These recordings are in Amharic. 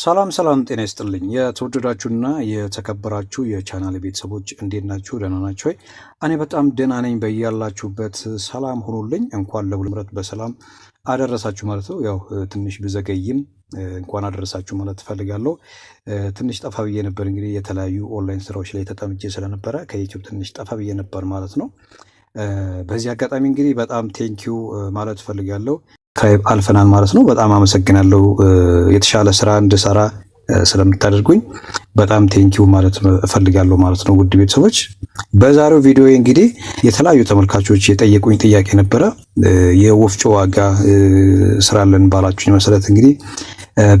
ሰላም ሰላም፣ ጤና ይስጥልኝ የተወደዳችሁና የተከበራችሁ የቻናል ቤተሰቦች እንዴት ናችሁ? ደህና ናችሁ ወይ? እኔ በጣም ደህና ነኝ። በያላችሁበት ሰላም ሁኑልኝ። እንኳን ለሁለ በሰላም አደረሳችሁ ማለት ነው። ያው ትንሽ ብዘገይም እንኳን አደረሳችሁ ማለት ትፈልጋለሁ። ትንሽ ጠፋ ብዬ ነበር እንግዲህ የተለያዩ ኦንላይን ስራዎች ላይ ተጠምጄ ስለነበረ ከዩቲዩብ ትንሽ ጠፋ ብዬ ነበር ማለት ነው። በዚህ አጋጣሚ እንግዲህ በጣም ቴንኪዩ ማለት ትፈልጋለሁ። አልፈናል ማለት ነው። በጣም አመሰግናለሁ። የተሻለ ስራ እንድሰራ ስለምታደርጉኝ በጣም ቴንኪው ማለት እፈልጋለሁ ማለት ነው። ውድ ቤተሰቦች በዛሬው ቪዲዮ እንግዲህ የተለያዩ ተመልካቾች የጠየቁኝ ጥያቄ ነበረ። የወፍጮ ዋጋ ስራለን ባላችሁኝ መሰረት እንግዲህ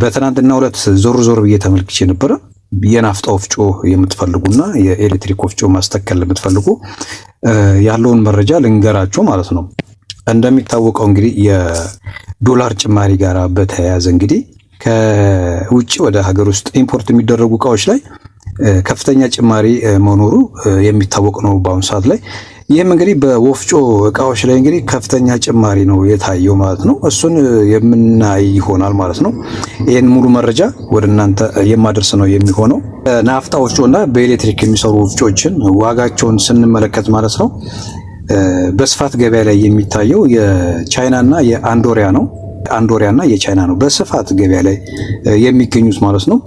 በትናንትና ሁለት ዞር ዞር ብዬ ተመልክቼ ነበረ። የናፍጣ ወፍጮ የምትፈልጉና የኤሌክትሪክ ወፍጮ ማስተከል የምትፈልጉ ያለውን መረጃ ልንገራቸው ማለት ነው። እንደሚታወቀው እንግዲህ የዶላር ጭማሪ ጋር በተያያዘ እንግዲህ ከውጭ ወደ ሀገር ውስጥ ኢምፖርት የሚደረጉ እቃዎች ላይ ከፍተኛ ጭማሪ መኖሩ የሚታወቅ ነው በአሁኑ ሰዓት ላይ። ይህም እንግዲህ በወፍጮ እቃዎች ላይ እንግዲህ ከፍተኛ ጭማሪ ነው የታየው ማለት ነው። እሱን የምናይ ይሆናል ማለት ነው። ይህን ሙሉ መረጃ ወደ እናንተ የማደርስ ነው የሚሆነው። ናፍጣ ወፍጮ እና በኤሌክትሪክ የሚሰሩ ወፍጮችን ዋጋቸውን ስንመለከት ማለት ነው በስፋት ገበያ ላይ የሚታየው የቻይናና የአንዶሪያ ነው። አንዶሪያና የቻይና ነው በስፋት ገበያ ላይ የሚገኙት ማለት ነው።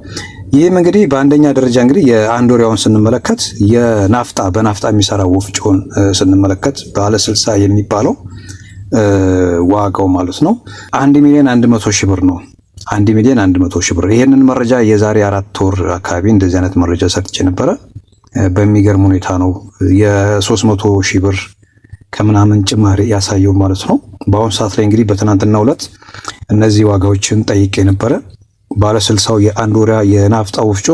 ይህም እንግዲህ በአንደኛ ደረጃ እንግዲህ የአንዶሪያውን ስንመለከት የናፍጣ በናፍጣ የሚሰራ ወፍጮን ስንመለከት ባለ ስልሳ የሚባለው ዋጋው ማለት ነው አንድ ሚሊዮን አንድ መቶ ሺህ ብር ነው። አንድ ሚሊዮን አንድ መቶ ሺህ ብር። ይህንን መረጃ የዛሬ አራት ወር አካባቢ እንደዚህ አይነት መረጃ ሰጥቼ ነበረ። በሚገርም ሁኔታ ነው የሶስት መቶ ሺህ ብር ከምናምን ጭማሪ ያሳየው ማለት ነው። በአሁኑ ሰዓት ላይ እንግዲህ በትናንትናው ዕለት እነዚህ ዋጋዎችን ጠይቄ ነበረ። ባለ ስልሳው የአንድ ወሪያ የናፍጣ ወፍጮ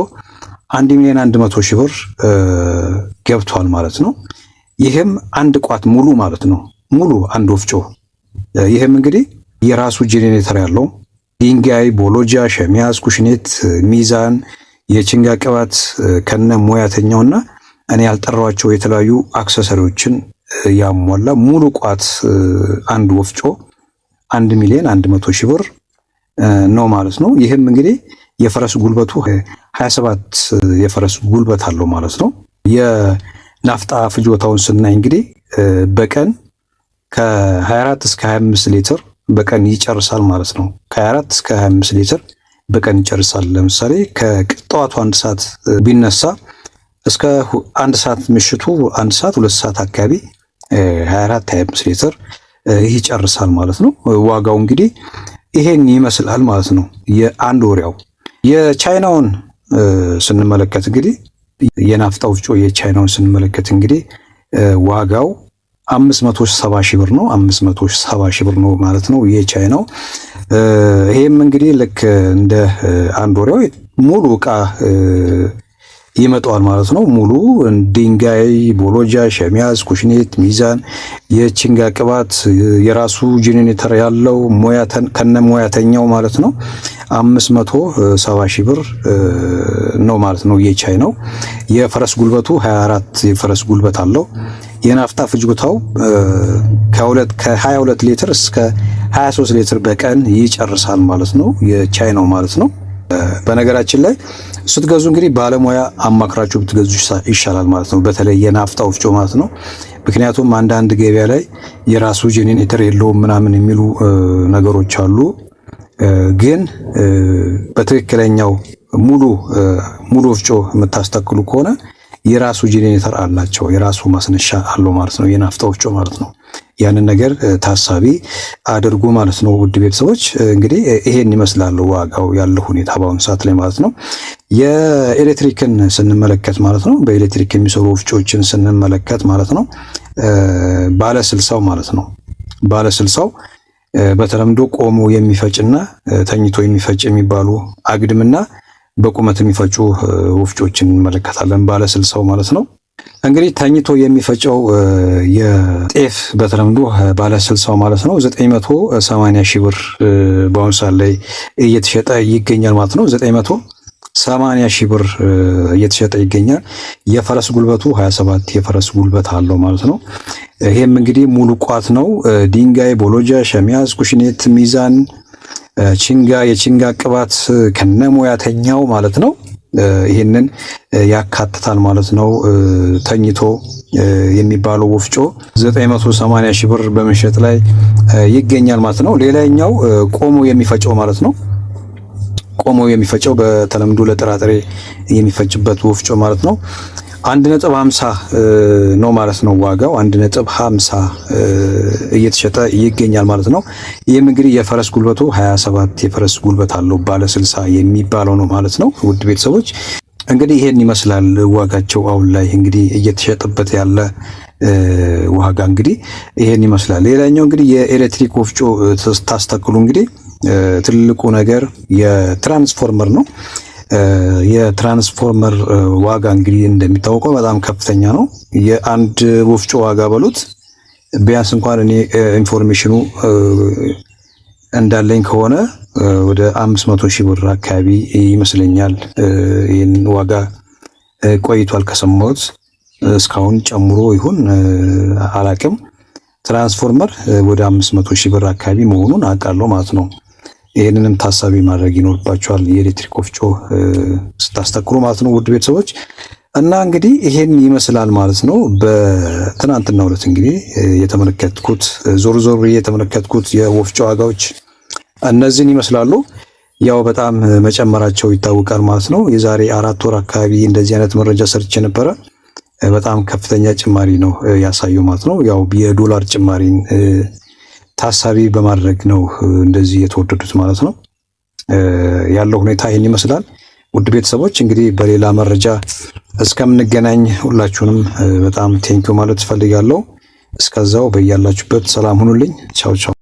አንድ ሚሊዮን አንድ መቶ ሺህ ብር ገብቷል ማለት ነው። ይህም አንድ ቋት ሙሉ ማለት ነው። ሙሉ አንድ ወፍጮ ይህም እንግዲህ የራሱ ጄኔሬተር ያለው ድንጋይ፣ ቦሎጃ፣ ሸሚያዝ፣ ኩሽኔት፣ ሚዛን፣ የችንጋ ቅባት ከነ ሙያተኛውና እኔ ያልጠራቸው የተለያዩ አክሰሰሪዎችን ያሟላ ሙሉ ቋት አንድ ወፍጮ አንድ ሚሊዮን አንድ መቶ ሺህ ብር ነው ማለት ነው። ይህም እንግዲህ የፈረስ ጉልበቱ 27 የፈረስ ጉልበት አለው ማለት ነው። የናፍጣ ፍጆታውን ስናይ እንግዲህ በቀን ከ24 እስከ 25 ሊትር በቀን ይጨርሳል ማለት ነው። ከ24 እስከ 25 ሊትር በቀን ይጨርሳል። ለምሳሌ ከጠዋቱ አንድ ሰዓት ቢነሳ እስከ አንድ ሰዓት ምሽቱ አንድ ሰዓት ሁለት ሰዓት አካባቢ 24 25 ሊትር ይህ ይጨርሳል ማለት ነው። ዋጋው እንግዲህ ይሄን ይመስላል ማለት ነው። የአንድ ወሪያው የቻይናውን ስንመለከት እንግዲህ የናፍጣ ወፍጮ የቻይናውን ስንመለከት እንግዲህ ዋጋው 570 ሺህ ብር ነው። 570 ሺህ ብር ነው ማለት ነው የቻይናው። ይሄም እንግዲህ ልክ እንደ አንድ ወሪያው ሙሉ እቃ ይመጣዋል ማለት ነው። ሙሉ ድንጋይ፣ ቦሎጃ፣ ሸሚያዝ፣ ኩሽኔት፣ ሚዛን፣ የችንጋ ቅባት፣ የራሱ ጄኔሬተር ያለው ከነ ሙያተኛው ማለት ነው አምስት መቶ ሰባ ሺህ ብር ነው ማለት ነው። የቻይ ነው የፈረስ ጉልበቱ 24 የፈረስ ጉልበት አለው። የናፍጣ ፍጆታው ከ22 ሊትር እስከ 23 ሊትር በቀን ይጨርሳል ማለት ነው። የቻይ ነው ማለት ነው። በነገራችን ላይ ስትገዙ እንግዲህ ባለሙያ አማክራችሁ ብትገዙ ይሻላል ማለት ነው። በተለይ የናፍጣ ወፍጮ ማለት ነው። ምክንያቱም አንዳንድ ገበያ ላይ የራሱ ጄኔሬተር የለውም ምናምን የሚሉ ነገሮች አሉ። ግን በትክክለኛው ሙሉ ሙሉ ወፍጮ የምታስተክሉ ከሆነ የራሱ ጄኔሬተር አላቸው። የራሱ ማስነሻ አለው ማለት ነው። የናፍጣ ወፍጮ ማለት ነው። ያንን ነገር ታሳቢ አድርጉ ማለት ነው። ውድ ቤተሰቦች እንግዲህ ይሄን ይመስላል ዋጋው ያለው ሁኔታ በአሁኑ ሰዓት ላይ ማለት ነው። የኤሌክትሪክን ስንመለከት ማለት ነው በኤሌክትሪክ የሚሰሩ ወፍጮችን ስንመለከት ማለት ነው ባለ ስልሳው ማለት ነው ባለ ስልሳው በተለምዶ ቆሞ የሚፈጭና ተኝቶ የሚፈጭ የሚባሉ አግድምና በቁመት የሚፈጩ ወፍጮችን እንመለከታለን። ባለ ስልሳው ማለት ነው እንግዲህ ተኝቶ የሚፈጨው የጤፍ በተለምዶ ባለ ማለት ነው 980 ሺህ ብር በአሁኑ ሰዓት ላይ እየተሸጠ ይገኛል ማለት ነው። 980 ሺህ ብር እየተሸጠ ይገኛል። የፈረስ ጉልበቱ 27 የፈረስ ጉልበት አለው ማለት ነው። ይሄም እንግዲህ ሙሉ ቋት ነው። ድንጋይ፣ ቦሎጃ፣ ሸሚያዝ፣ ኩሽኔት፣ ሚዛን፣ ቺንጋ፣ የቺንጋ ቅባት ከነሙያተኛው ማለት ነው ይህንን ያካትታል ማለት ነው። ተኝቶ የሚባለው ወፍጮ 980 ሺህ ብር በመሸጥ ላይ ይገኛል ማለት ነው። ሌላኛው ቆሞ የሚፈጨው ማለት ነው። ቆሞ የሚፈጨው በተለምዶ ለጥራጥሬ የሚፈጭበት ወፍጮ ማለት ነው። አንድ ነጥብ ሀምሳ ነው ማለት ነው። ዋጋው አንድ ነጥብ ሀምሳ እየተሸጠ ይገኛል ማለት ነው። ይህም እንግዲህ የፈረስ ጉልበቱ ሀያ ሰባት የፈረስ ጉልበት አለው ባለ ስልሳ የሚባለው ነው ማለት ነው። ውድ ቤተሰቦች እንግዲህ ይሄን ይመስላል ዋጋቸው አሁን ላይ እንግዲህ እየተሸጠበት ያለ ዋጋ እንግዲህ ይሄን ይመስላል። ሌላኛው እንግዲህ የኤሌክትሪክ ወፍጮ ስታስተክሉ እንግዲህ ትልቁ ነገር የትራንስፎርመር ነው። የትራንስፎርመር ዋጋ እንግዲህ እንደሚታወቀው በጣም ከፍተኛ ነው። የአንድ ወፍጮ ዋጋ በሉት ቢያንስ እንኳን እኔ ኢንፎርሜሽኑ እንዳለኝ ከሆነ ወደ አምስት መቶ ሺህ ብር አካባቢ ይመስለኛል። ይህን ዋጋ ቆይቷል ከሰማሁት እስካሁን ጨምሮ ይሁን አላቅም። ትራንስፎርመር ወደ አምስት መቶ ሺህ ብር አካባቢ መሆኑን አውቃለሁ ማለት ነው። ይህንንም ታሳቢ ማድረግ ይኖርባቸዋል የኤሌክትሪክ ወፍጮ ስታስተክሩ ማለት ነው ውድ ቤተሰቦች እና እንግዲህ ይሄን ይመስላል ማለት ነው። በትናንትና ሁለት እንግዲህ የተመለከትኩት ዞር ዞር የተመለከትኩት የወፍጮ ዋጋዎች እነዚህን ይመስላሉ። ያው በጣም መጨመራቸው ይታወቃል ማለት ነው። የዛሬ አራት ወር አካባቢ እንደዚህ አይነት መረጃ ሰርቼ ነበረ። በጣም ከፍተኛ ጭማሪ ነው ያሳየው ማለት ነው። ያው የዶላር ጭማሪን ታሳቢ በማድረግ ነው እንደዚህ የተወደዱት ማለት ነው። ያለው ሁኔታ ይህን ይመስላል። ውድ ቤተሰቦች እንግዲህ በሌላ መረጃ እስከምንገናኝ ሁላችሁንም በጣም ቴንኪው ማለት እፈልጋለሁ። እስከዛው በያላችሁበት ሰላም ሁኑልኝ። ቻው ቻው።